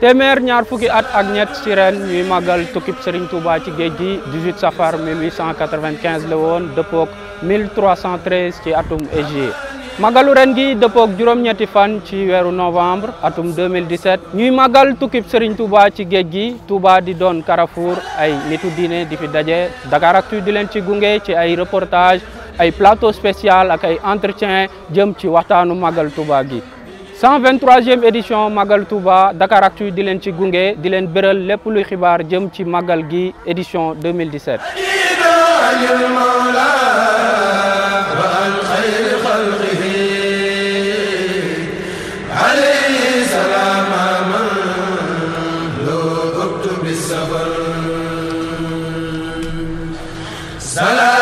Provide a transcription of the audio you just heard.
téeméer ñaar fukki at ak ñett ci ren ñuy màggal tukkib Serigne Touba ci géej gi 18 safar 1895 la woon dëppook ci atum Égypte magalu ren gi dëppook juróom-ñetti fan ci weeru novembre atum 2017 ñuy màggal tukkib Serigne Touba ci géej gi Touba di doon Carrefour ay nitu diine di fi daje Dakaractu di leen ci gunge ci ay reportage ay plateau spécial ak ay entretien jëm ci waxtaanu màggal Touba gi 123e édition màggal Touba Dakaractu di leen ci gunge di leen bëral lépp luy xibaar jëm ci màggal gi édition 2017 safar